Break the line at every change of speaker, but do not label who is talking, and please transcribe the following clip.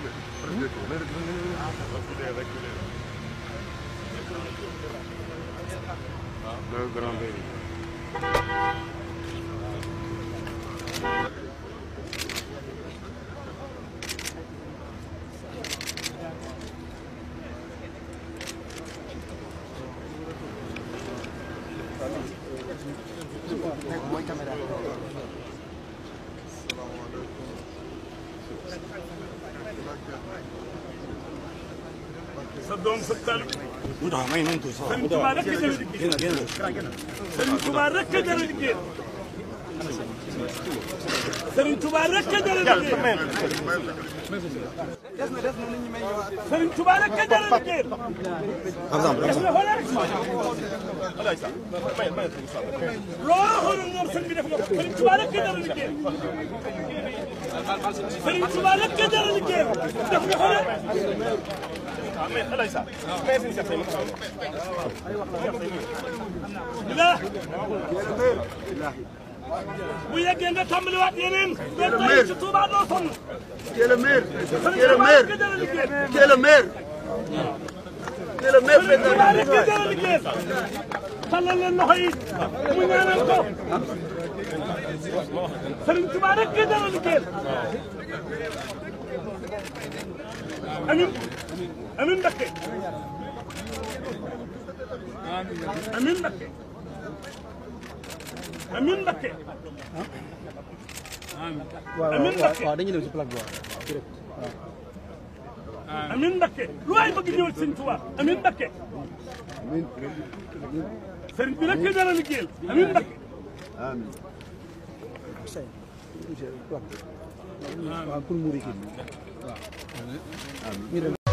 делаем. Пройдете. Да, гранды. Thank you. sa doom sa talib. mu taxaw may nañ ko sa waaw mu taxaw génn génn. Serigne Touba rek ka jar a liggéey. Serigne Touba rek ka jar a liggéey. Serigne Touba rek ka jar a liggéey. loo waxoon moom sëñ bi def nga ko Serigne Touba rek ka jar a liggéey. فريتو خلى لنا نحيد Serigne
Touba rek nga dara liggéeyal
amin amin amin Mbakke amin Mbakke amin Mbakke waaw dañuy dem ci plaque bi amin Mbakke lu waay bëgg ñëw ci Serigne amin Mbakke amin Hussein waaw pour muur équipe waaw